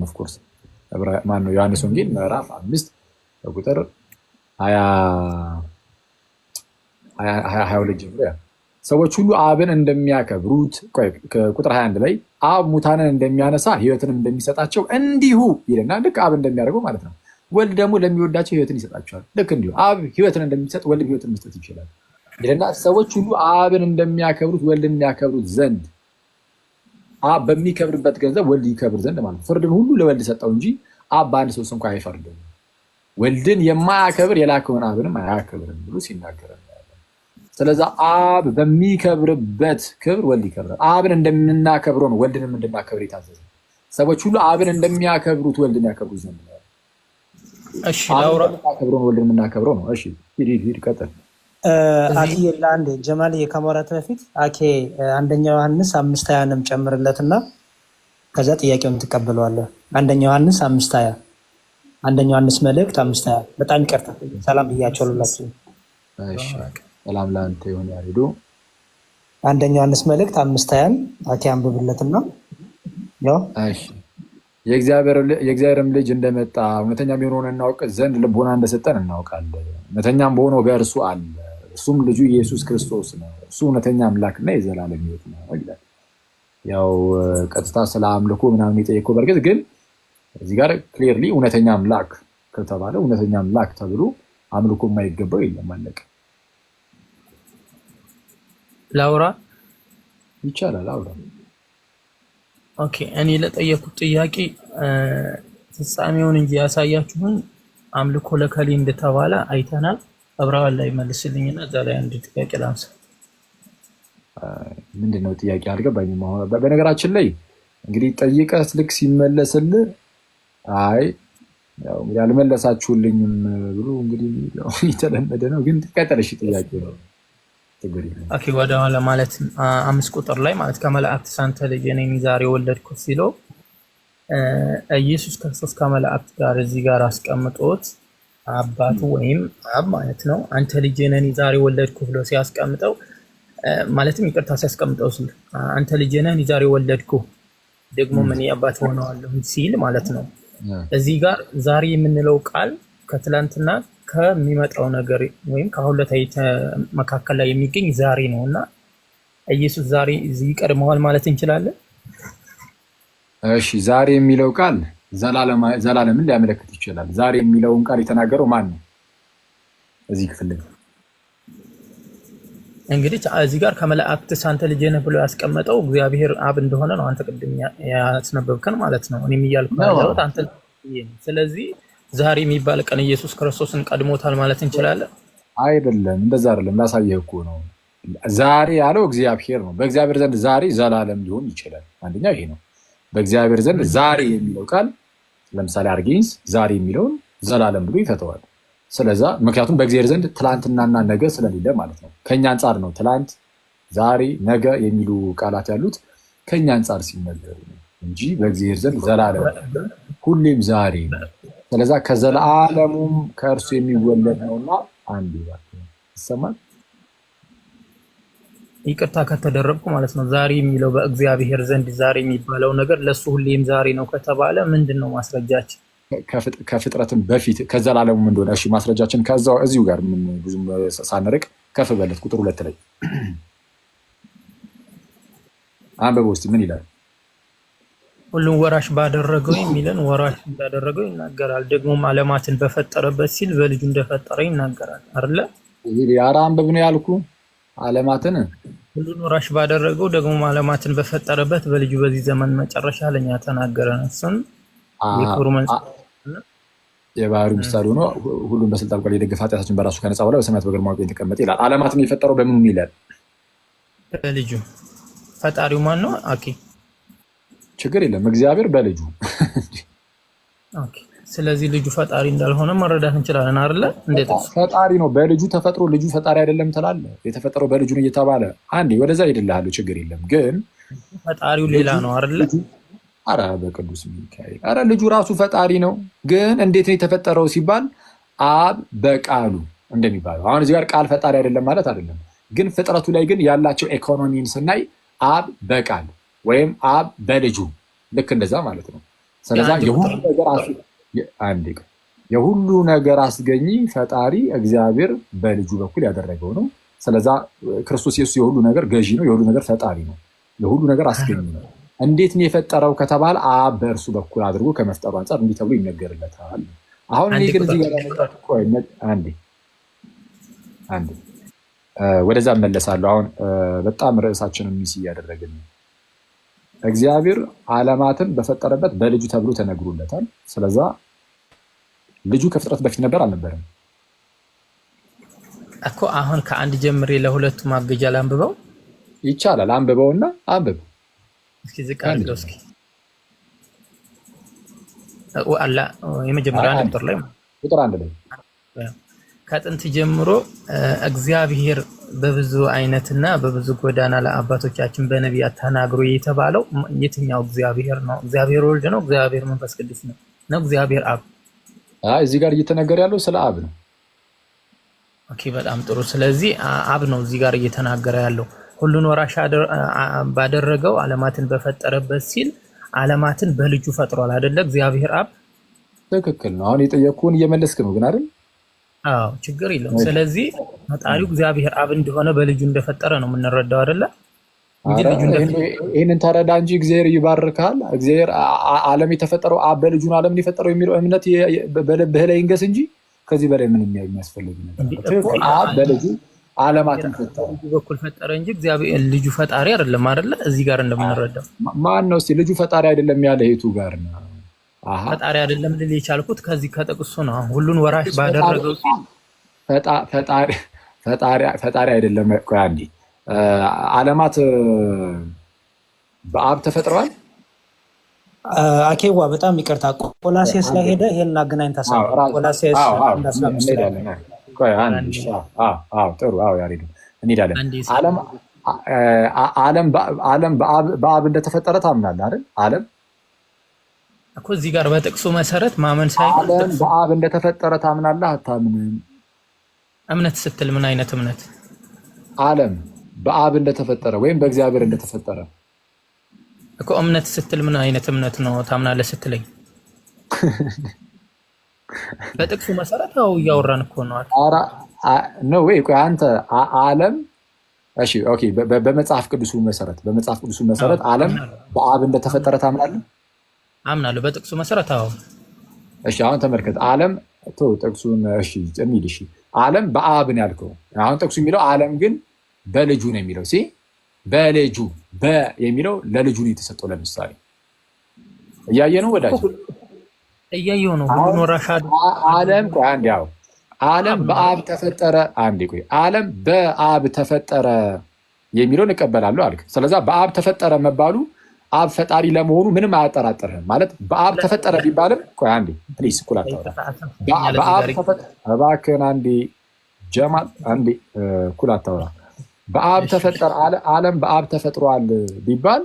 ላይ ኦፍኮርስ ማነው ዮሐንስ ወንጌል ምዕራፍ አምስት በቁጥር ሀያ ሁለት ጀምሮ ያ ሰዎች ሁሉ አብን እንደሚያከብሩት ቁጥር 21 ላይ አብ ሙታንን እንደሚያነሳ ህይወትን እንደሚሰጣቸው እንዲሁ ይልና ልክ አብ እንደሚያደርገው ማለት ነው። ወልድ ደግሞ ለሚወዳቸው ህይወትን ይሰጣቸዋል። ልክ እንዲሁ አብ ህይወትን እንደሚሰጥ ወልድ ህይወትን መስጠት ይችላል ይልና ሰዎች ሁሉ አብን እንደሚያከብሩት ወልድን የሚያከብሩት ዘንድ በሚከብርበት ገንዘብ ወልድ ይከብር ዘንድ ማለት ፍርድን ሁሉ ለወልድ ሰጠው እንጂ አብ በአንድ ሰው እንኳ አይፈርድም። ወልድን የማያከብር የላከውን አብንም አያከብርም ብሎ ሲናገር ስለዛ አብ በሚከብርበት ክብር ወልድ ይከብራል። አብን እንደምናከብረው ነው ወልድንም እንድናከብር የታዘዘ ሰዎች ሁሉ አብን እንደሚያከብሩት ወልድን ያከብሩ ዘንድ ነው። ነው ወልድን የምናከብረው ነው። እሺ ሂድ ሂድ ቀጥል። አትዬ ለአንዴ ጀማል ከማውራት በፊት አኬ አንደኛ ዮሐንስ አምስት ሀያንም ጨምርለትና ከዛ ጥያቄውን ትቀበለዋለህ። አንደኛ ዮሐንስ አምስት ሀያ አንደኛ ዮሐንስ መልእክት አምስት ሀያ በጣም ይቀርታ ሰላም ብያቸው ልላችሁ። ሰላም ለአንተ ይሁን ያሬዱ። አንደኛ ዮሐንስ መልእክት አምስት ሀያን አኬ አንብብለትና ያው የእግዚአብሔርም ልጅ እንደመጣ እውነተኛ የሆነውን እናውቅ ዘንድ ልቦና እንደሰጠን እናውቃለን። እውነተኛም በሆነው በእርሱ አለ እሱም ልጁ ኢየሱስ ክርስቶስ ነው። እሱ እውነተኛ አምላክና የዘላለም ሕይወት ነው ይላል። ያው ቀጥታ ስለ አምልኮ ምናምን የጠየቀው በእርግጥ ግን እዚህ ጋር ክሊርሊ እውነተኛ አምላክ ከተባለ እውነተኛ አምላክ ተብሎ አምልኮ የማይገባው የለም። አለቀ። ላውራ ይቻላል። አውራ። ኦኬ። እኔ ለጠየኩት ጥያቄ ፍጻሜውን እንጂ ያሳያችሁን አምልኮ ለከሌ እንደተባለ አይተናል። አብረሃል ላይ መልስልኝና እዛ ላይ አንድ ጥያቄ ላንሳ። ነው ጥያቄ አድርገህ በነገራችን ላይ እንግዲህ ጠይቀህ ልክ ሲመለስልህ አይ እንግዲህ አልመለሳችሁልኝም ብሎ እንግዲህ የተለመደ ነው። ግን ቀጠለሽ ጥያቄ ነው። ኦኬ ወደ ኋላ ማለት አምስት ቁጥር ላይ ማለት ከመላእክት ሳንተ ልጅ ነኝ ዛሬ ወለድኩት ሲለው ኢየሱስ ክርስቶስ ከመላእክት ጋር እዚህ ጋር አስቀምጦት አባቱ ወይም አብ ማለት ነው አንተ ልጄ ነህ እኔ ዛሬ ወለድኩ ብሎ ሲያስቀምጠው ማለትም ይቅርታ ሲያስቀምጠው ሲል አንተ ልጄ ነህ እኔ ዛሬ ወለድኩ ደግሞ ምን አባት ሆነዋለሁ ሲል ማለት ነው። እዚህ ጋር ዛሬ የምንለው ቃል ከትላንትና ከሚመጣው ነገር ወይም ከሁለት መካከል ላይ የሚገኝ ዛሬ ነው እና ኢየሱስ ዛሬ ይቀድመዋል ማለት እንችላለን። እሺ ዛሬ የሚለው ቃል ዘላለምን ሊያመለክት ይችላል። ዛሬ የሚለውን ቃል የተናገረው ማን ነው? እዚህ ክፍል እንግዲህ እዚህ ጋር ከመላእክት ሳንተ ልጄ ነህ ብሎ ያስቀመጠው እግዚአብሔር አብ እንደሆነ ነው። አንተ ቅድም ያስነበብከን ማለት ነው። እኔም እያልኩ ያለሁት አንተ። ስለዚህ ዛሬ የሚባል ቀን ኢየሱስ ክርስቶስን ቀድሞታል ማለት እንችላለን። አይደለም፣ እንደዛ አይደለም። ላሳየህ እኮ ነው። ዛሬ ያለው እግዚአብሔር ነው። በእግዚአብሔር ዘንድ ዛሬ ዘላለም ሊሆን ይችላል። አንደኛ ይሄ ነው። በእግዚአብሔር ዘንድ ዛሬ የሚለው ቃል ለምሳሌ አርጌንስ ዛሬ የሚለውን ዘላለም ብሎ ይፈተዋል። ስለዛ ምክንያቱም በእግዚአብሔር ዘንድ ትላንትናና ነገ ስለሌለ ማለት ነው። ከኛ አንጻር ነው ትላንት፣ ዛሬ፣ ነገ የሚሉ ቃላት ያሉት ከኛ አንጻር ሲነገሩ እንጂ በእግዚአብሔር ዘንድ ዘላለም ሁሌም ዛሬ ነው። ስለዛ ከዘላለሙም ከእርሱ የሚወለድ ነውና አንዱ ይሰማል። ይቅርታ ከተደረግኩ ማለት ነው። ዛሬ የሚለው በእግዚአብሔር ዘንድ ዛሬ የሚባለው ነገር ለእሱ ሁሌም ዛሬ ነው ከተባለ ምንድን ነው ማስረጃችን? ከፍጥረትም በፊት ከዘላለሙም እንደሆነ እሺ፣ ማስረጃችን ከዛው እዚሁ ጋር ብዙ ሳንርቅ ከፍ በለት ቁጥር ሁለት ላይ አንበበ ውስጥ ምን ይላል? ሁሉም ወራሽ ባደረገው የሚለን ወራሽ እንዳደረገው ይናገራል። ደግሞም አለማትን በፈጠረበት ሲል በልጁ እንደፈጠረ ይናገራል። አለ ኧረ አንብብ ነው ያልኩ አለማትን ሁሉን ወራሽ ባደረገው ደግሞ ዓለማትን በፈጠረበት በልጁ በዚህ ዘመን መጨረሻ ለእኛ ተናገረን። እሱን የባህሪ ምሳሌ ሆኖ ሁሉን በስልጣን ቃል የደገፈ ኃጢአታችን በራሱ ከነጻ በኋላ በሰማያት በግርማው ቀኝ የተቀመጠ ይላል። ዓለማትን የፈጠረው በምኑ ይላል? በልጁ ፈጣሪው ማን ነው? አኬ ችግር የለም እግዚአብሔር በልጁ ስለዚህ ልጁ ፈጣሪ እንዳልሆነ መረዳት እንችላለን አይደለ? እንዴት ፈጣሪ ነው በልጁ ተፈጥሮ ልጁ ፈጣሪ አይደለም ትላለ የተፈጠረው በልጁ ነው እየተባለ አንዴ ወደዛ ሄድልሃለሁ፣ ችግር የለም ግን ፈጣሪው ሌላ ነው አይደለ? አረ በቅዱስ ሚካኤል፣ አረ ልጁ ራሱ ፈጣሪ ነው። ግን እንዴት ነው የተፈጠረው ሲባል አብ በቃሉ እንደሚባለው አሁን እዚህ ጋር ቃል ፈጣሪ አይደለም ማለት አይደለም። ግን ፍጥረቱ ላይ ግን ያላቸው ኢኮኖሚን ስናይ አብ በቃል ወይም አብ በልጁ ልክ እንደዛ ማለት ነው። ስለዛ የሁሉ ነገር አንድ የሁሉ ነገር አስገኝ ፈጣሪ እግዚአብሔር በልጁ በኩል ያደረገው ነው። ስለዛ ክርስቶስ ኢየሱስ የሁሉ ነገር ገዢ ነው፣ የሁሉ ነገር ፈጣሪ ነው፣ የሁሉ ነገር አስገኝ ነው። እንዴት ነው የፈጠረው ከተባለ አብ በእርሱ በኩል አድርጎ ከመፍጠሩ አንጻር እንዲህ ተብሎ ይነገርለታል። አሁን እኔ ግን ወደዛ መለሳለሁ። አሁን በጣም ርዕሳችንን ሚስ እያደረግን ነው። እግዚአብሔር ዓለማትን በፈጠረበት በልጁ ተብሎ ተነግሮለታል። ስለዛ ልጁ ከፍጥረት በፊት ነበር አልነበረም እኮ። አሁን ከአንድ ጀምሬ ለሁለቱ ማገጃ ላንብበው ይቻላል። አንብበውና አንብብ እስኪ ዝቅ አድርገው እስኪ የመጀመሪያ ቁጥር ላይ ቁጥር አንድ ላይ ከጥንት ጀምሮ እግዚአብሔር በብዙ አይነትና በብዙ ጎዳና ለአባቶቻችን በነቢያት ተናግሮ የተባለው የትኛው እግዚአብሔር ነው? እግዚአብሔር ወልድ ነው? እግዚአብሔር መንፈስ ቅዱስ ነው? ነው እግዚአብሔር አብ? አይ እዚህ ጋር እየተነገረ ያለው ስለ አብ ነው። ኦኬ፣ በጣም ጥሩ። ስለዚህ አብ ነው እዚህ ጋር እየተናገረ ያለው ሁሉን ወራሽ ባደረገው አለማትን በፈጠረበት ሲል አለማትን በልጁ ፈጥሯል አይደለ? እግዚአብሔር አብ። ትክክል ነው። አሁን የጠየኩህን እየመለስክ ነው ግን አይደል? አዎ ችግር የለውም። ስለዚህ ፈጣሪው እግዚአብሔር አብ እንደሆነ በልጁ እንደፈጠረ ነው የምንረዳው አይደለ? ይህንን ተረዳ እንጂ እግዚአብሔር ይባርካል። እግዚአብሔር ዓለም የተፈጠረው አብ በልጁን ዓለምን የፈጠረው የሚለው እምነት በልብህ ላይ ይንገስ እንጂ ከዚህ በላይ ምን የሚያስፈልግ ነገር አብ በልጁ ዓለማትን ፈጠረ በኩል ፈጠረ እንጂ እግዚአብሔር ልጁ ፈጣሪ አይደለም አይደለ? እዚህ ጋር እንደምንረዳው ማን ነው ልጁ ፈጣሪ አይደለም ያለ የቱ ጋር ነው? ፈጣሪ አይደለም ልል የቻልኩት ከዚህ ከጥቅሱ ነው። ሁሉን ወራሽ ባደረገው ፈጣሪ አይደለም። ቆይ አንዴ ዓለማት በአብ ተፈጥረዋል። አኬዋ በጣም ይቅርታ፣ ቆላሴስ ላይ ሄደ ይሄን አገናኝ ተሳሩላሴስሩ ዓለም በአብ እንደተፈጠረ ታምናለህ አይደል? አለም እኮ እዚህ ጋር በጥቅሱ መሰረት ማመን ሳይሆን በአብ እንደተፈጠረ ታምናለህ አታምንም? እምነት ስትል ምን አይነት እምነት? ዓለም በአብ እንደተፈጠረ ወይም በእግዚአብሔር እንደተፈጠረ እኮ እምነት ስትል ምን አይነት እምነት ነው ታምናለህ ስትለኝ? በጥቅሱ መሰረት ው እያወራን እኮ ነው። ነው አንተ ዓለም እሺ፣ ኦኬ፣ በመጽሐፍ ቅዱሱ መሰረት በመጽሐፍ ቅዱሱ መሰረት ዓለም በአብ እንደተፈጠረ ታምናለህ? አምናለሁ በጥቅሱ መሰረት። አዎ እሺ፣ አሁን ተመልከት። ዓለም ጥቅሱን እሺ የሚል እሺ፣ ዓለም በአብ ነው ያልከው። አሁን ጥቅሱ የሚለው ዓለም ግን በልጁ ነው የሚለው ሲ በልጁ በ የሚለው ለልጁ ነው የተሰጠው። ለምሳሌ እያየ ነው ወዳጅ እያየው ነው ሁሉን ወራሽ ዓለም ቆይ አንዴ ያው ዓለም በአብ ተፈጠረ አንዴ ቆይ ዓለም በአብ ተፈጠረ የሚለውን እቀበላለሁ አልክ። ስለዛ በአብ ተፈጠረ መባሉ አብ ፈጣሪ ለመሆኑ ምንም አያጠራጥርህም። ማለት በአብ ተፈጠረ ቢባልም ቆይ አንዴ ፕሊዝ እኩል አታወራም። በአብ እባክህን አንዴ ጀማል አንዴ እኩል አታወራም። በአብ ተፈጠረ ዓለም በአብ ተፈጥሯል ቢባል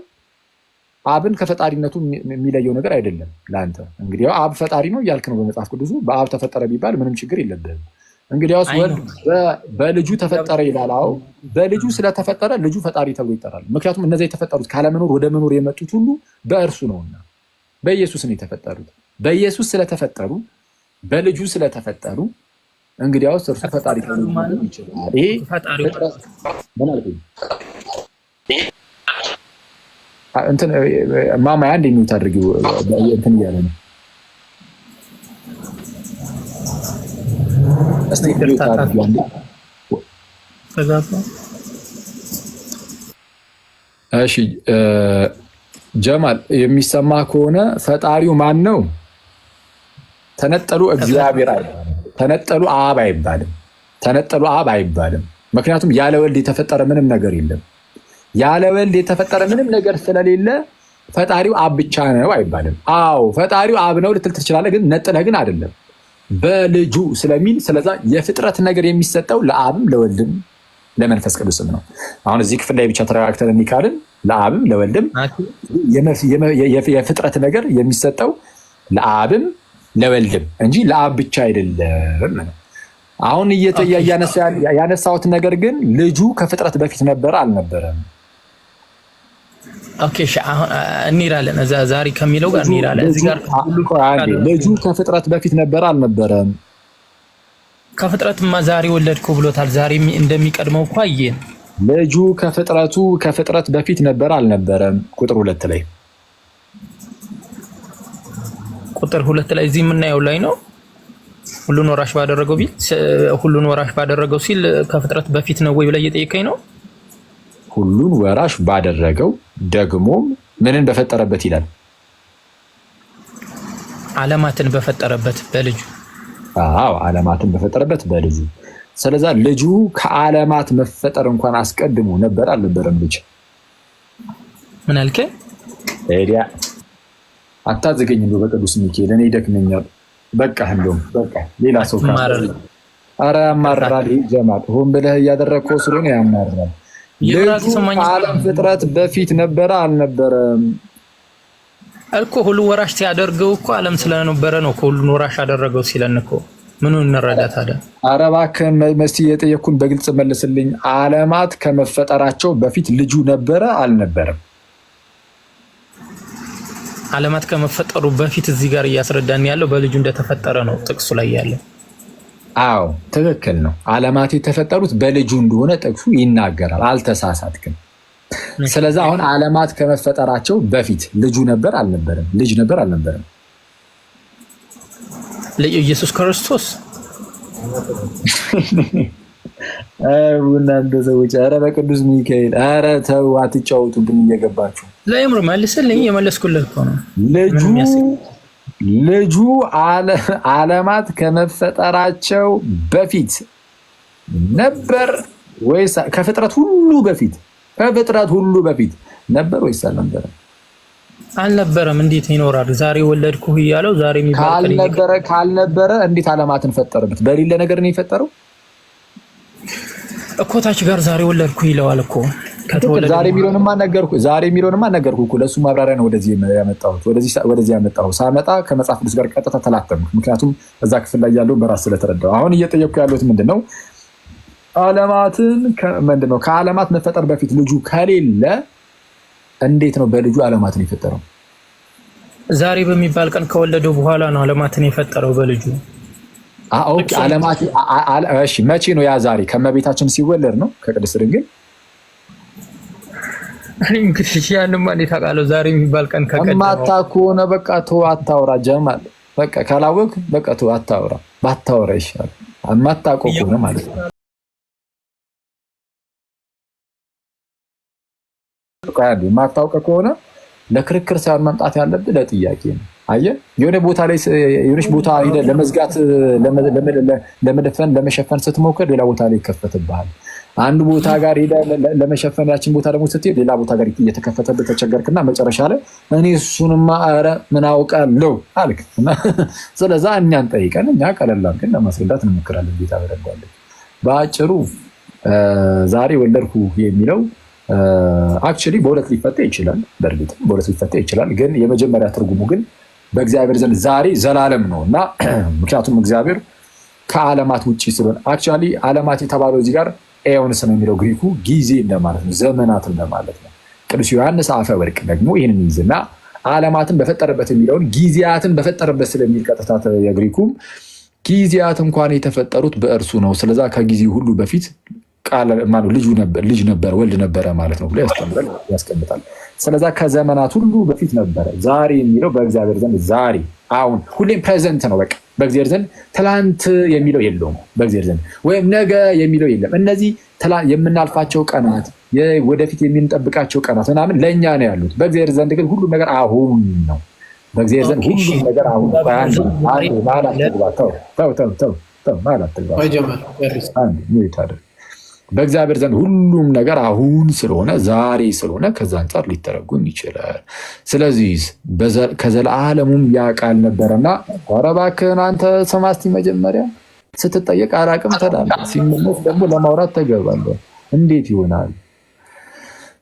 አብን ከፈጣሪነቱ የሚለየው ነገር አይደለም። ለአንተ እንግዲህ አብ ፈጣሪ ነው እያልክ ነው በመጽሐፍ ቅዱሱ። በአብ ተፈጠረ ቢባል ምንም ችግር የለብህም። እንግዲያውስ ወልድ በልጁ ተፈጠረ ይላል። አዎ በልጁ ስለተፈጠረ ልጁ ፈጣሪ ተብሎ ይጠራል። ምክንያቱም እነዚያ የተፈጠሩት ካለመኖር ወደ መኖር የመጡት ሁሉ በእርሱ ነውና በኢየሱስ ነው የተፈጠሩት። በኢየሱስ ስለተፈጠሩ በልጁ ስለተፈጠሩ እንግዲያውስ እርሱ ፈጣሪ ተብሎ ይችላል። ይሄ እንትን ማማያ እንደሚውት አድርጊው እንትን እያለ ነው እሺ ጀማል የሚሰማ ከሆነ ፈጣሪው ማን ነው? ተነጠሉ እግዚአብሔር ተነጠሉ አብ አይባልም። ተነጠሉ አብ አይባልም። ምክንያቱም ያለ ወልድ የተፈጠረ ምንም ነገር የለም። ያለ ወልድ የተፈጠረ ምንም ነገር ስለሌለ ፈጣሪው አብ ብቻ ነው አይባልም። አዎ ፈጣሪው አብ ነው ልትል ትችላለህ፣ ግን ነጥለህ ግን አይደለም በልጁ ስለሚል ስለዛ የፍጥረት ነገር የሚሰጠው ለአብም ለወልድም ለመንፈስ ቅዱስም ነው። አሁን እዚህ ክፍል ላይ ብቻ ተረጋግተን የሚካልን ለአብም ለወልድም የፍጥረት ነገር የሚሰጠው ለአብም ለወልድም እንጂ ለአብ ብቻ አይደለም ነው። አሁን እያነሳሁት ነገር ግን ልጁ ከፍጥረት በፊት ነበረ አልነበረም? ኦኬ እሺ፣ አሁን እንሄዳለን እዛ ዛሬ ከሚለው ጋር እንሄዳለን። እዚህ ጋር ልጁ ከፍጥረት በፊት ነበረ አልነበረም? ከፍጥረትማ ዛሬ ወለድኩ ብሎታል። ዛሬ እንደሚቀድመው እኮ አየን። ልጁ ከፍጥረቱ ከፍጥረት በፊት ነበረ አልነበረም? ቁጥር ሁለት ላይ ቁጥር ሁለት ላይ እዚህ የምናየው ላይ ነው። ሁሉን ወራሽ ባደረገው ቢል ሁሉን ወራሽ ባደረገው ሲል ከፍጥረት በፊት ነው ወይ ብለህ እየጠየቀኝ ነው። ሁሉን ወራሽ ባደረገው ደግሞም ምንን በፈጠረበት ይላል? ዓለማትን በፈጠረበት በልጁ አዎ፣ ዓለማትን በፈጠረበት በልጁ። ስለዛ ልጁ ከዓለማት መፈጠር እንኳን አስቀድሞ ነበር አልነበረም? ልጅ ምን አልከ? ዲያ አታዘገኝ ነው በቅዱስ ሚካኤል እኔ ይደክመኛል። በቃ እንደውም በቃ ሌላ ሰው ካለ። ኧረ ያማርራል። ጀማል ሆን ብለህ እያደረግከው ስለሆነ ያማርራል። ከዓለም ፍጥረት በፊት ነበረ አልነበረም እኮ ሁሉ ወራሽ ሲያደርገው እኮ ዓለም ስለነበረ ነው። ሁሉን ወራሽ አደረገው ሲለን እኮ ምኑ እንረዳ ታዲያ? ኧረ እባክህን የጠየኩን በግልጽ መልስልኝ። ዓለማት ከመፈጠራቸው በፊት ልጁ ነበረ አልነበረም? ዓለማት ከመፈጠሩ በፊት እዚህ ጋር እያስረዳን ያለው በልጁ እንደተፈጠረ ነው ጥቅሱ ላይ ያለው። አዎ ትክክል ነው። ዓለማት የተፈጠሩት በልጁ እንደሆነ ጥቅሱ ይናገራል። አልተሳሳትክም። ስለዚ አሁን ዓለማት ከመፈጠራቸው በፊት ልጁ ነበር አልነበረም? ልጅ ነበር አልነበረም? ኢየሱስ ክርስቶስ እናንተ ሰዎች፣ ኧረ በቅዱስ ሚካኤል፣ ኧረ ተው አትጫወቱብን እየገባችሁ። ለምሩ መልስልኝ። የመለስኩልህ ነው ልጁ ልጁ ዓለማት ከመፈጠራቸው በፊት ነበር ወይስ ከፍጥረት ሁሉ በፊት ከፍጥረት ሁሉ በፊት ነበር ወይስ አልነበረም? አልነበረም። እንዴት ይኖራል? ዛሬ ወለድኩ እያለው ዛሬ ካልነበረ ካልነበረ እንዴት ዓለማትን ፈጠርበት? በሌለ ነገር ነው የፈጠረው እኮ ታች ጋር ዛሬ ወለድኩ ይለዋል እኮ ዛሬ የሚለውንማ ነገርኩህ። ዛሬ እኮ ለእሱ ማብራሪያ ነው ወደዚህ ያመጣሁት። ወደዚህ ያመጣሁት ሳመጣ ከመጽሐፍ ቅዱስ ጋር ቀጥታ ተላተምኩ። ምክንያቱም እዛ ክፍል ላይ ያለው በራስ ስለተረዳው አሁን እየጠየቅኩ ያለሁት ምንድን ነው አለማትን ምንድን ነው ከአለማት መፈጠር በፊት ልጁ ከሌለ እንዴት ነው በልጁ አለማትን የፈጠረው? ዛሬ በሚባል ቀን ከወለደው በኋላ ነው አለማትን የፈጠረው በልጁ። መቼ ነው ያ? ዛሬ ከመቤታችን ሲወለድ ነው ከቅድስት ድንግል እንግዲህ ያንማ እኔ ታውቃለሁ። ዛሬ የሚባል ቀን ከሆነ በቃ አታውራ። ጀማል በቃ ካላወቅ በቃ አታውራ፣ ከሆነ ማለት ነው። ከሆነ ለክርክር ሳይሆን መምጣት ያለብህ ለጥያቄ ነው። አየህ የሆነ ቦታ ላይ የሆነች ቦታ ለመዝጋት ለመደፈን ለመሸፈን ስትሞክር ሌላ ቦታ ላይ ይከፈትብሃል። አንድ ቦታ ጋር ሄደ ለመሸፈን ያችን ቦታ ደግሞ ስትሄድ ሌላ ቦታ ጋር እየተከፈተብህ ተቸገርክና መጨረሻ ላይ እኔ እሱንማ ኧረ ምን አውቃለሁ አልክ። ስለዛ እኛን ጠይቀን እኛ ቀለላል ግን ለማስረዳት እንሞክራለን። ጌታ በደጓለን። በአጭሩ ዛሬ ወለድኩ የሚለው አክቹዋሊ በሁለት ሊፈታ ይችላል። በእርግጥ በሁለት ሊፈታ ይችላል። ግን የመጀመሪያ ትርጉሙ ግን በእግዚአብሔር ዘንድ ዛሬ ዘላለም ነው እና ምክንያቱም እግዚአብሔር ከዓለማት ውጭ ስለሆነ አክቹዋሊ ዓለማት የተባለው እዚህ ጋር ኤዮንስ ነው የሚለው ግሪኩ ጊዜ እንደማለት ነው፣ ዘመናት እንደማለት ነው። ቅዱስ ዮሐንስ አፈ ወርቅ ደግሞ ይህንን ይዝና ዓለማትን በፈጠረበት የሚለውን ጊዜያትን በፈጠረበት ስለሚል ቀጥታ የግሪኩም ጊዜያት እንኳን የተፈጠሩት በእርሱ ነው፣ ስለዛ ከጊዜ ሁሉ በፊት ልጅ ነበር ወልድ ነበረ ማለት ነው ብሎ ያስቀምጣል። ስለዛ ከዘመናት ሁሉ በፊት ነበረ። ዛሬ የሚለው በእግዚአብሔር ዘንድ ዛሬ አሁን ሁሌም ፕሬዘንት ነው። በቃ በእግዚአብሔር ዘንድ ትላንት የሚለው የለውም። በእግዚአብሔር ዘንድ ወይም ነገ የሚለው የለም። እነዚህ የምናልፋቸው ቀናት፣ ወደፊት የምንጠብቃቸው ቀናት ምናምን ለእኛ ነው ያሉት። በእግዚአብሔር ዘንድ ግን ሁሉም ነገር አሁን ነው። በእግዚአብሔር ዘንድ ሁሉም ነገር አሁን ማለት ተው ተው ተው ማለት በእግዚአብሔር ዘንድ ሁሉም ነገር አሁን ስለሆነ ዛሬ ስለሆነ ከዛ አንጻር ሊተረጉም ይችላል። ስለዚህ ከዘለዓለሙም ያ ቃል ነበረና ኧረ እባክህን አንተ ሰማስቲ መጀመሪያ ስትጠየቅ አላቅም ትላለህ፣ ሲመለስ ደግሞ ለማውራት ተገባለ። እንዴት ይሆናል?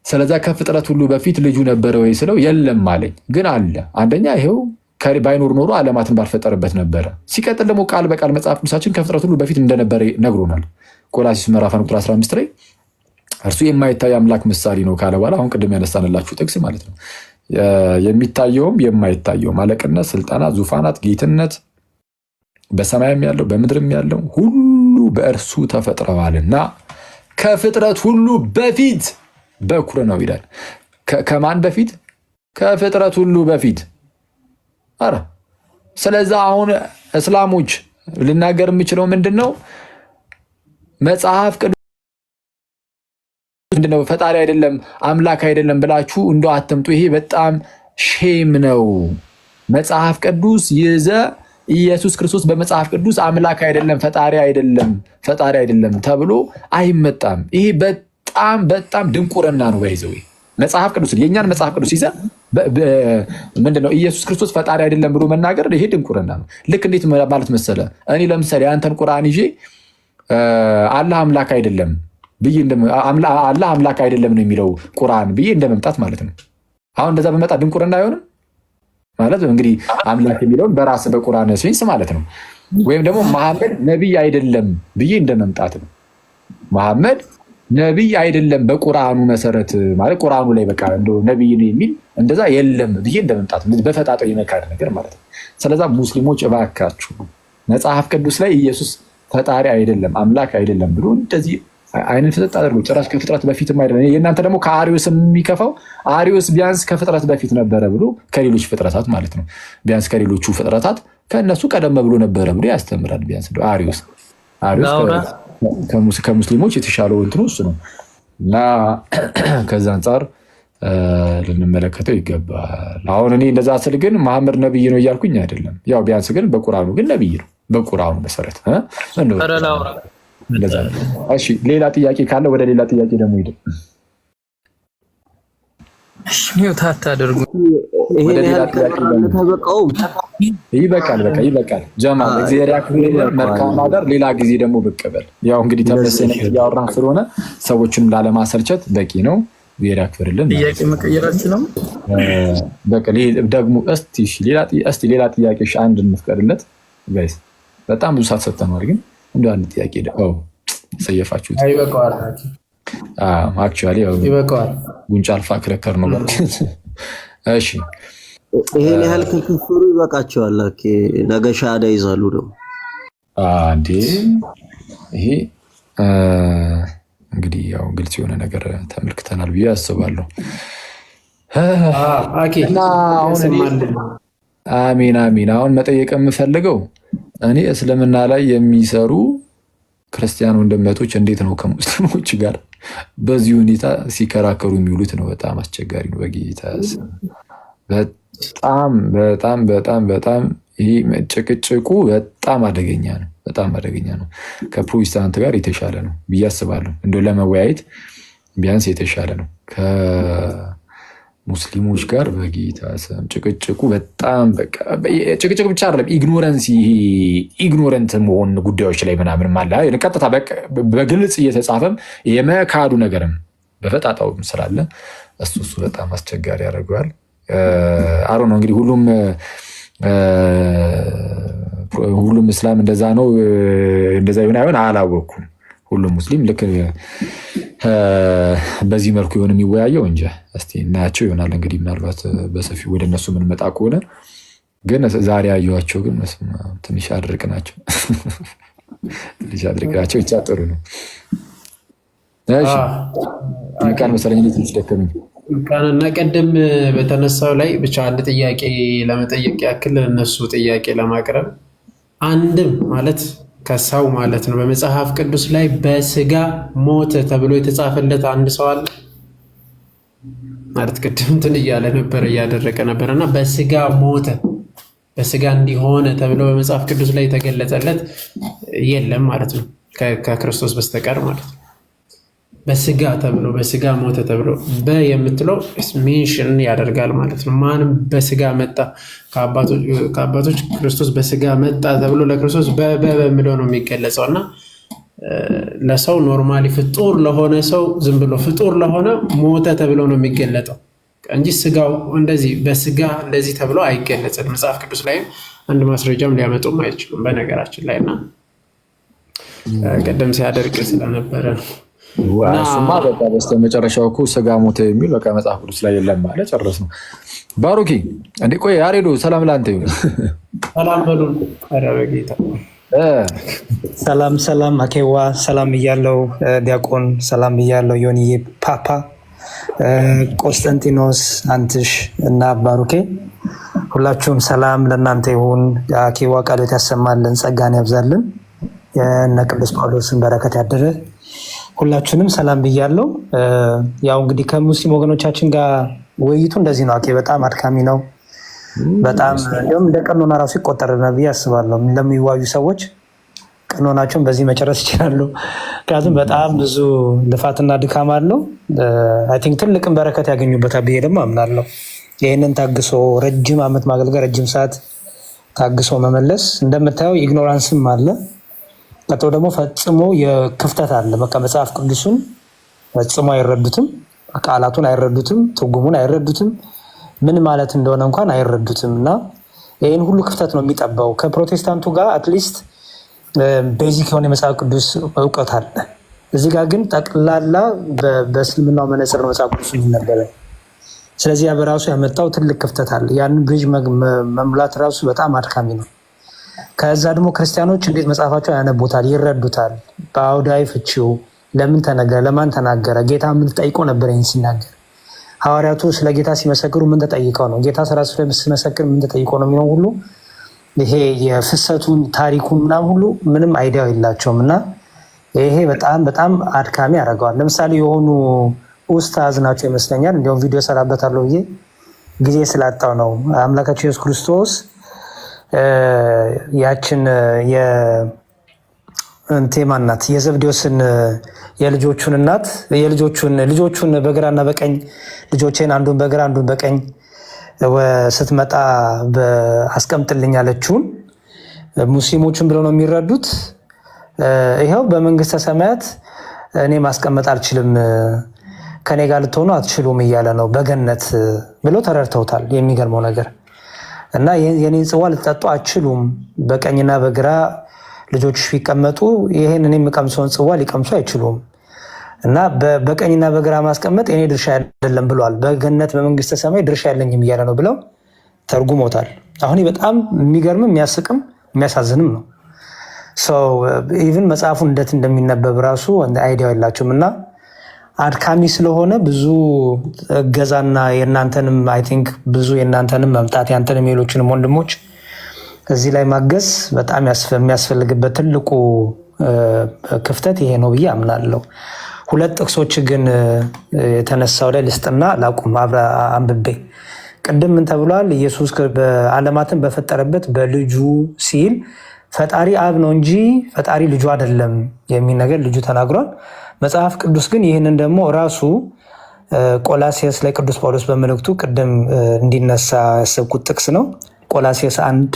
ስለዛ ከፍጥረት ሁሉ በፊት ልጁ ነበረ ወይ ስለው የለም አለኝ። ግን አለ አንደኛ ይሄው ባይኖር ኖሮ ዓለማትን ባልፈጠረበት ነበረ። ሲቀጥል ደግሞ ቃል በቃል መጽሐፍ ቅዱሳችን ከፍጥረት ሁሉ በፊት እንደነበረ ነግሮናል። ቆላሲስ ምዕራፍ 15 ላይ እርሱ የማይታይ አምላክ ምሳሌ ነው ካለ በኋላ አሁን ቅድም ያነሳንላችሁ ጥቅስ ማለት ነው። የሚታየውም የማይታየውም አለቅነት፣ ስልጣናት፣ ዙፋናት፣ ጌትነት በሰማይም ያለው በምድርም ያለው ሁሉ በእርሱ ተፈጥረዋልና ከፍጥረት ሁሉ በፊት በኩር ነው ይላል። ከማን በፊት? ከፍጥረት ሁሉ በፊት። አረ ስለዛ አሁን እስላሞች ልናገር የምችለው ምንድን ነው? መጽሐፍ ቅዱስ ምንድነው ፈጣሪ አይደለም አምላክ አይደለም ብላችሁ እንደ አትምጡ። ይሄ በጣም ሼም ነው። መጽሐፍ ቅዱስ ይዘ ኢየሱስ ክርስቶስ በመጽሐፍ ቅዱስ አምላክ አይደለም ፈጣሪ አይደለም ፈጣሪ አይደለም ተብሎ አይመጣም። ይሄ በጣም በጣም ድንቁርና ነው። ባይዘው መጽሐፍ ቅዱስ የእኛን መጽሐፍ ቅዱስ ይዘ ምንድነው ኢየሱስ ክርስቶስ ፈጣሪ አይደለም ብሎ መናገር ይሄ ድንቁርና ነው። ልክ እንዴት ማለት መሰለ እኔ ለምሳሌ አንተን ቁርአን ይዤ አላህ አምላክ አይደለም ብዬ አላህ አምላክ አይደለም ነው የሚለው ቁርአን ብዬ መምጣት ማለት ነው። አሁን እንደዛ በመጣ ድንቁርና አይሆንም ማለት እንግዲህ አምላክ የሚለውን በራስ በቁርአን ስንስ ማለት ነው። ወይም ደግሞ መሐመድ ነቢይ አይደለም ብዬ መምጣት ነው። መሐመድ ነቢይ አይደለም በቁርአኑ መሰረት ማለት ቁርአኑ ላይ በቃ እንደ ነቢይ ነው የሚል እንደዛ የለም ብዬ እንደመምጣት በፈጣጠው የመካድ ነገር ማለት ነው። ስለዛ ሙስሊሞች እባካችሁ መጽሐፍ ቅዱስ ላይ ኢየሱስ ፈጣሪ አይደለም አምላክ አይደለም ብሎ እንደዚህ አይንን ፍጥጥ አድርጎ ጭራሽ ከፍጥረት በፊትም አይደለም። የእናንተ ደግሞ ከአሪዮስ የሚከፋው አሪዮስ ቢያንስ ከፍጥረት በፊት ነበረ ብሎ ከሌሎች ፍጥረታት ማለት ነው። ቢያንስ ከሌሎቹ ፍጥረታት ከእነሱ ቀደም ብሎ ነበረ ብሎ ያስተምራል። ቢያንስ አሪዮስ ከሙስሊሞች የተሻለው እንትኑ እሱ ነው እና ከዛ አንጻር ልንመለከተው ይገባል። አሁን እኔ እንደዛ ስል ግን መሐመድ ነብይ ነው እያልኩኝ አይደለም። ያው ቢያንስ ግን በቁርአኑ ግን ነብይ ነው። በቁርአኑ መሰረት ሌላ ጥያቄ ካለ ወደ ሌላ ጥያቄ ደግሞ ሄደ። ይበቃል፣ በቃ ይበቃል። ጀማ እግዚአብሔር ያክብር። መልካም አዳር። ሌላ ጊዜ ደግሞ ብቅ በል። ያው እንግዲህ ተመሰነ እያወራን ስለሆነ ሰዎቹንም ላለማሰልቸት በቂ ነው። እግዚአብሔር ያክብርልን። ጥያቄ መቀየራችን ነው። በቃ ደግሞ እስቲ ሌላ ጥያቄ አንድ እንፍቀድለት ጋይስ በጣም ብዙ ሰዓት ሰጥተነዋል። ግን እንደ አንድ ጥያቄ ሰየፋችሁት አክቹዋሊ ጉንጫ አልፋ ክረከር ነው። እሺ ይህን ያህል ክርክሩ ይበቃቸዋል። ነገ ሻዳ ይዛሉ ነው እንዴ? ይሄ እንግዲህ ያው ግልጽ የሆነ ነገር ተመልክተናል ብዬ አስባለሁ። እና አሁን አሚን አሚን። አሁን መጠየቅ የምፈልገው እኔ እስልምና ላይ የሚሰሩ ክርስቲያን ወንድመቶች እንዴት ነው ከሙስሊሞች ጋር በዚህ ሁኔታ ሲከራከሩ የሚውሉት ነው። በጣም አስቸጋሪ ነው። በጌታ በጣም በጣም በጣም በጣም ይህ ጭቅጭቁ በጣም አደገኛ ነው። በጣም አደገኛ ነው። ከፕሮቴስታንት ጋር የተሻለ ነው ብዬ አስባለሁ። እንደ ለመወያየት ቢያንስ የተሻለ ነው። ሙስሊሞች ጋር በጌታ ስም ጭቅጭቁ በጣም ጭቅጭቅ ብቻ አይደለም፣ ኢግኖረንስ ይሄ ኢግኖረንት መሆን ጉዳዮች ላይ ምናምን አለ። ቀጥታ በግልጽ እየተጻፈም የመካዱ ነገርም በፈጣጣውም ስላለ እሱ እሱ በጣም አስቸጋሪ ያደርገዋል። አሮ ነው እንግዲህ ሁሉም ሁሉም እስላም እንደዛ ነው እንደዛ ይሆን አይሆን አላወኩም። ሁሉም ሙስሊም ልክ በዚህ መልኩ የሆነ የሚወያየው እንጂ እስቲ እናያቸው ይሆናል እንግዲህ ምናልባት በሰፊው ወደ እነሱ የምንመጣ ከሆነ ግን ዛሬ ያየኋቸው ግን ትንሽ አድርቅ ናቸው። ትንሽ አድርቅ ናቸው። ይቻ ጥሩ ነው። ቃል መሰለኝ ትንሽ ደከመኝ። እና ቀደም በተነሳው ላይ ብቻ አንድ ጥያቄ ለመጠየቅ ያክል ለነሱ ጥያቄ ለማቅረብ አንድም ማለት ከሰው ማለት ነው። በመጽሐፍ ቅዱስ ላይ በስጋ ሞተ ተብሎ የተጻፈለት አንድ ሰው አለ ማለት ቅድም እንትን እያለ ነበር እያደረቀ ነበር እና በስጋ ሞተ በስጋ እንዲሆነ ተብሎ በመጽሐፍ ቅዱስ ላይ የተገለጸለት የለም ማለት ነው ከክርስቶስ በስተቀር ማለት ነው። በስጋ ተብሎ በስጋ ሞተ ተብሎ በ የምትለው ሜንሽን ያደርጋል ማለት ነው። ማንም በስጋ መጣ ከአባቶች ክርስቶስ በስጋ መጣ ተብሎ ለክርስቶስ በበ ነው የሚገለጸው እና ለሰው ኖርማሊ ፍጡር ለሆነ ሰው ዝም ብሎ ፍጡር ለሆነ ሞተ ተብሎ ነው የሚገለጠው እንጂ ስጋው እንደዚህ በስጋ እንደዚህ ተብሎ አይገለጽም። መጽሐፍ ቅዱስ ላይም አንድ ማስረጃም ሊያመጡም አይችሉም። በነገራችን ላይ እና ቅድም ሲያደርግ ስለነበረ ነው። እሱማ በቃ በስተመጨረሻው እኮ ስጋ ሞተ የሚል በቃ መጽሐፍ ቅዱስ ላይ የለም ማለት ጨረስ ነው። ባሩኪ እንዲ ቆይ፣ ያሬዶ ሰላም ለአንተ ይሁን። ሰላም በሉ ሰላም ሰላም፣ አኬዋ ሰላም እያለው ዲያቆን ሰላም እያለው ዮኒዬ፣ ፓፓ ቆስጠንጢኖስ፣ አንትሽ እና ባሩኬ ሁላችሁም ሰላም ለእናንተ ይሁን። አኬዋ ቃሎት ያሰማልን፣ ጸጋን ያብዛልን፣ እነ ቅዱስ ጳውሎስን በረከት ያደረ ሁላችሁንም ሰላም ብያለው። ያው እንግዲህ ከሙስሊም ወገኖቻችን ጋር ውይይቱ እንደዚህ ነው። አኬ በጣም አድካሚ ነው። በጣም እንዲሁም እንደ ቀኖና ራሱ ይቆጠር ነው ብዬ አስባለሁ። ለሚዋዩ ሰዎች ቀኖናቸውን በዚህ መጨረስ ይችላሉ። ምክንያቱም በጣም ብዙ ልፋትና ድካም አለው። አይ ቲንክ ትልቅን በረከት ያገኙበታል ብዬ ደግሞ አምናለሁ። ይህንን ታግሶ ረጅም ዓመት ማገልገል፣ ረጅም ሰዓት ታግሶ መመለስ እንደምታየው ኢግኖራንስም አለ ቀጥሎ ደግሞ ፈጽሞ የክፍተት አለ። በቃ መጽሐፍ ቅዱስን ፈጽሞ አይረዱትም፣ ቃላቱን አይረዱትም፣ ትርጉሙን አይረዱትም፣ ምን ማለት እንደሆነ እንኳን አይረዱትም። እና ይህን ሁሉ ክፍተት ነው የሚጠባው። ከፕሮቴስታንቱ ጋር አትሊስት ቤዚክ የሆነ የመጽሐፍ ቅዱስ እውቀት አለ። እዚህ ጋር ግን ጠቅላላ በእስልምናው መነጽር ነው መጽሐፍ ቅዱስ የሚነበበው። ስለዚህ በራሱ ያመጣው ትልቅ ክፍተት አለ። ያንን ብሪጅ መሙላት ራሱ በጣም አድካሚ ነው። ከዛ ደግሞ ክርስቲያኖች እንዴት መጽሐፋቸው ያነቡታል፣ ይረዱታል። በአውዳዊ ፍቺው ለምን ተነገረ፣ ለማን ተናገረ፣ ጌታ ምን ተጠይቆ ነበር? ይህን ሲናገር ሐዋርያቱ ስለ ጌታ ሲመሰክሩ ምን ተጠይቀው ነው? ጌታ ስራ ሲመሰክር ምን ተጠይቆ ነው የሚለው ሁሉ ይሄ የፍሰቱን ታሪኩን ምናምን ሁሉ ምንም አይዲያው የላቸውም እና ይሄ በጣም በጣም አድካሚ ያደርገዋል። ለምሳሌ የሆኑ ኡስታዝ ናቸው ይመስለኛል። እንዲሁም ቪዲዮ ሰራበታለሁ ብዬ ጊዜ ስላጣው ነው አምላካቸው ኢየሱስ ክርስቶስ ያችን እንቴማ እናት የዘብዴዎስን የልጆቹን እናት የልጆቹን ልጆቹን በግራና በቀኝ ልጆቼን አንዱን በግራ አንዱን በቀኝ ስትመጣ አስቀምጥልኝ ያለችውን ሙስሊሞቹን ብለው ነው የሚረዱት። ይኸው በመንግስተ ሰማያት እኔ ማስቀመጥ አልችልም፣ ከኔ ጋር ልትሆኑ አትችሉም እያለ ነው በገነት ብለው ተረድተውታል። የሚገርመው ነገር እና የኔን ጽዋ ልጠጡ አችሉም። በቀኝና በግራ ልጆች ቢቀመጡ ይህን እኔ የምቀምሰውን ጽዋ ሊቀምሱ አይችሉም። እና በቀኝና በግራ ማስቀመጥ የኔ ድርሻ አይደለም ብለዋል። በገነት በመንግስተ ሰማይ ድርሻ ያለኝም እያለ ነው ብለው ተርጉሞታል። አሁን በጣም የሚገርም የሚያስቅም የሚያሳዝንም ነው። ኢቭን መጽሐፉን እንደት እንደሚነበብ ራሱ አይዲያው የላቸውም እና አድካሚ ስለሆነ ብዙ እገዛና የእናንተንም አይ ቲንክ ብዙ የእናንተንም መምጣት ያንተንም ሌሎችንም ወንድሞች እዚህ ላይ ማገዝ በጣም የሚያስፈልግበት ትልቁ ክፍተት ይሄ ነው ብዬ አምናለሁ። ሁለት ጥቅሶች ግን የተነሳው ላይ ልስጥና ላቁም አብረ አንብቤ ቅድም ምን ተብሏል? ኢየሱስ ዓለማትን በፈጠረበት በልጁ ሲል ፈጣሪ አብ ነው እንጂ ፈጣሪ ልጁ አይደለም የሚል ነገር ልጁ ተናግሯል። መጽሐፍ ቅዱስ ግን ይህንን ደግሞ ራሱ ቆላሴስ ላይ ቅዱስ ጳውሎስ በመልእክቱ ቅድም እንዲነሳ ያሰብኩት ጥቅስ ነው። ቆላሴስ 1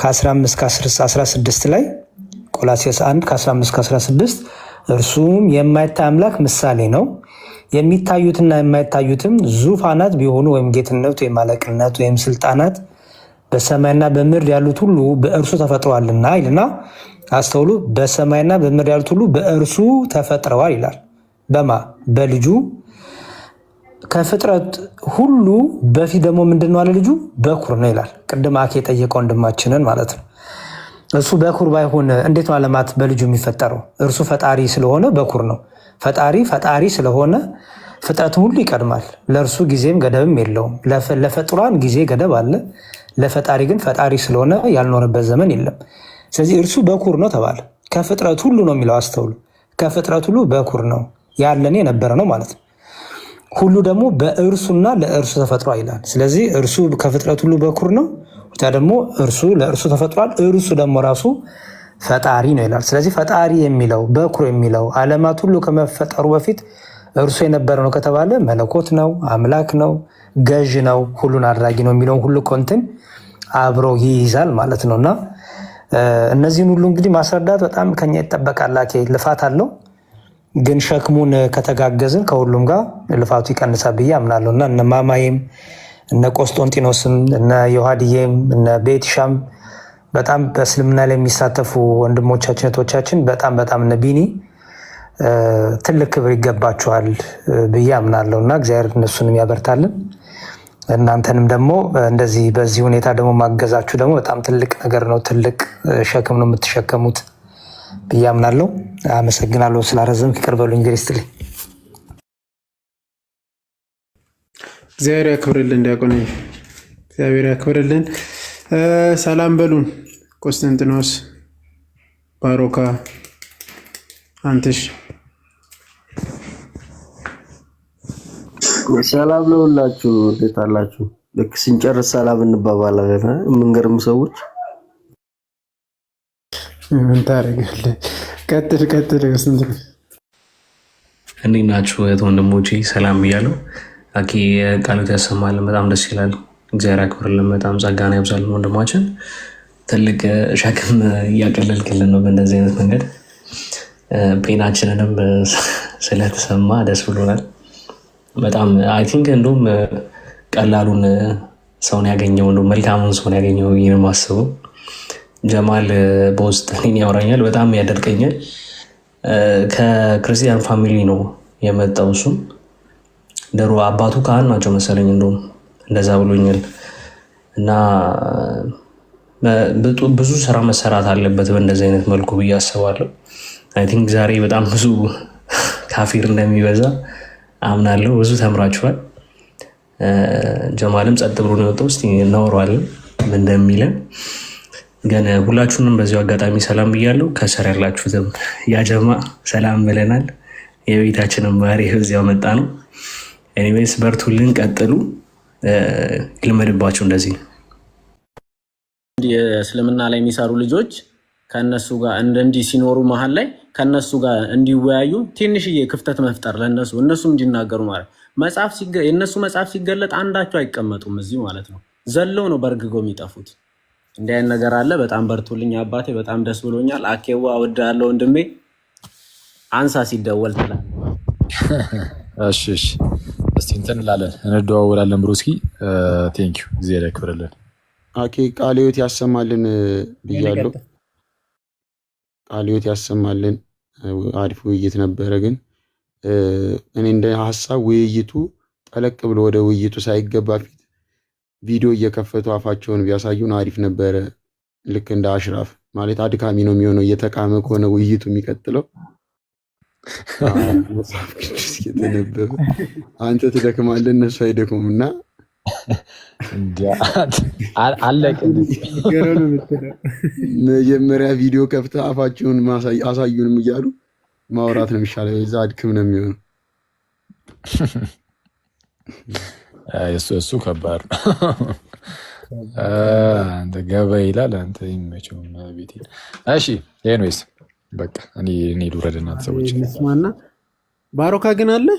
ከ15-16 ላይ ቆላሴስ 1 ከ15-16 እርሱም የማይታይ አምላክ ምሳሌ ነው የሚታዩትና የማይታዩትም ዙፋናት ቢሆኑ ወይም ጌትነት ወይም አለቅነት ወይም ስልጣናት በሰማይና በምድር ያሉት ሁሉ በእርሱ ተፈጥረዋልና ይልና፣ አስተውሉ። በሰማይና በምድር ያሉት ሁሉ በእርሱ ተፈጥረዋል ይላል። በማ በልጁ ከፍጥረት ሁሉ በፊት ደግሞ ምንድን ነው አለ? ልጁ በኩር ነው ይላል። ቅድም አኬ የጠየቀው ወንድማችንን ማለት ነው። እሱ በኩር ባይሆን እንዴት ነው አለማት በልጁ የሚፈጠረው? እርሱ ፈጣሪ ስለሆነ በኩር ነው። ፈጣሪ ፈጣሪ ስለሆነ ፍጥረትን ሁሉ ይቀድማል። ለእርሱ ጊዜም ገደብም የለውም። ለፈጥሯን ጊዜ ገደብ አለ ለፈጣሪ ግን ፈጣሪ ስለሆነ ያልኖረበት ዘመን የለም። ስለዚህ እርሱ በኩር ነው ተባለ። ከፍጥረት ሁሉ ነው የሚለው አስተውሉ። ከፍጥረት ሁሉ በኩር ነው ያለን የነበረ ነው ማለት ነው። ሁሉ ደግሞ በእርሱና ለእርሱ ተፈጥሯ ይላል። ስለዚህ እርሱ ከፍጥረት ሁሉ በኩር ነው፣ ታ ደግሞ እርሱ ለእርሱ ተፈጥሯል። እርሱ ደግሞ ራሱ ፈጣሪ ነው ይላል። ስለዚህ ፈጣሪ የሚለው በኩር የሚለው ዓለማት ሁሉ ከመፈጠሩ በፊት እርሱ የነበረ ነው ከተባለ መለኮት ነው፣ አምላክ ነው፣ ገዥ ነው፣ ሁሉን አድራጊ ነው የሚለውን ሁሉ ኮንትን አብሮ ይይዛል ማለት ነው። እና እነዚህን ሁሉ እንግዲህ ማስረዳት በጣም ከኛ ይጠበቃል። ላኬ ልፋት አለው፣ ግን ሸክሙን ከተጋገዝን ከሁሉም ጋር ልፋቱ ይቀንሳል ብዬ አምናለሁ። እና እነ ማማዬም እነ ቆስጦንጢኖስም እነ ዮሐድዬም እነ ቤትሻም በጣም በእስልምና ላይ የሚሳተፉ ወንድሞቻችን እህቶቻችን በጣም በጣም እነ ቢኒ ትልቅ ክብር ይገባቸዋል ብዬ አምናለሁ እና እግዚአብሔር እነሱንም ያበርታልን። እናንተንም ደግሞ እንደዚህ በዚህ ሁኔታ ደግሞ ማገዛችሁ ደግሞ በጣም ትልቅ ነገር ነው፣ ትልቅ ሸክም ነው የምትሸከሙት ብዬ አምናለሁ። አመሰግናለሁ ስላረዘም ይቅር በሉኝ። እንግዲህ ስትልኝ እግዚአብሔር ያክብርልን ዲያቆን፣ እግዚአብሔር ያክብርልን። ሰላም በሉን። ቆስጠንጢኖስ ባሮካ አንትሽ ሰላም ለሁላችሁ፣ እንዴት አላችሁ? ልክ ስንጨርስ ሰላም እንባባላለን። የምንገርም ሰዎች ምን ታደርጋለህ? ቀጥል ቀጥል። እንዴት ናችሁ እህት ወንድሞቼ? ሰላም እያለው አኪ ቃሎት ያሰማልን። በጣም ደስ ይላል። እግዚአብሔር ያክብርልን። በጣም ጸጋን ያብዛልን። ወንድማችን ትልቅ ሸክም እያቀለልክልን ነው በእንደዚህ አይነት መንገድ ፔናችንንም ስለተሰማ ደስ ብሎናል። በጣም አይ ቲንክ እንደውም ቀላሉን ሰውን ያገኘው እንደ መልካሙን ሰውን ያገኘው ብዬ ነው የማስበው። ጀማል በውስጥ እኔን ያወራኛል፣ በጣም ያደርቀኛል። ከክርስቲያን ፋሚሊ ነው የመጣው። እሱም ደሮ አባቱ ካህን ናቸው መሰለኝ፣ እንደውም እንደዛ ብሎኛል። እና ብዙ ስራ መሰራት አለበት በእንደዚህ አይነት መልኩ ብዬ አስባለሁ። አይ ቲንክ ዛሬ በጣም ብዙ ካፊር እንደሚበዛ አምናለሁ። ብዙ ተምራችኋል። ጀማልም ጸጥ ብሎ ነው የወጣው። እስኪ እናወራዋለን እንደሚለን ግን ሁላችሁንም በዚሁ አጋጣሚ ሰላም ብያለሁ። ከስር ያላችሁትም ያጀማ ሰላም ብለናል። የቤታችንም ባህሪ እዚያው መጣ ነው። ኤኒዌይስ በርቱልን፣ ቀጥሉ፣ ይልመድባችሁ። እንደዚህ ነው የእስልምና ላይ የሚሰሩ ልጆች ከእነሱ ጋር እንዲህ ሲኖሩ መሀል ላይ ከእነሱ ጋር እንዲወያዩ ትንሽዬ ክፍተት መፍጠር ለእነሱ እነሱም እንዲናገሩ ማለት መጽሐፍ የእነሱ መጽሐፍ ሲገለጥ አንዳቸው አይቀመጡም እዚህ ማለት ነው። ዘለው ነው በእርግገው የሚጠፉት። እንዲህ አይነት ነገር አለ። በጣም በርቱልኝ አባቴ፣ በጣም ደስ ብሎኛል። አኬዋ እወድሃለሁ ወንድሜ። አንሳ ሲደወል ትላለህ። እሺ እሺ፣ እስቲ እንትን እንላለን፣ ብሮስኪ ቴንኪው፣ ጊዜ ክብርልን። አኬ ያሰማልን ብያለሁ። ቃለ ያሰማልን። አሪፍ ውይይት ነበረ። ግን እኔ እንደ ሀሳብ ውይይቱ ጠለቅ ብሎ ወደ ውይይቱ ሳይገባ ፊት ቪዲዮ እየከፈቱ አፋቸውን ቢያሳዩን አሪፍ ነበረ። ልክ እንደ አሽራፍ ማለት አድካሚ ነው የሚሆነው እየተቃመ ከሆነ ውይይቱ የሚቀጥለው። መጽሐፍ ቅዱስ እየተነበበ አንተ ትደክማለህ፣ እነሱ አይደክሙም እና አለቀ። መጀመሪያ ቪዲዮ ከፍተ አፋችሁን አሳዩንም እያሉ ማውራት ነው የሚሻለው። የዛ አድክም ነው የሚሆነው። እሱ ከባድ ነው። አንተ ገበያ ይላል። አንተ ይመቸው ቤት። እሺ ኤንዌይስ በቃ እኔ ልውረድ። እናት ሰዎች ባሮካ ግን አለ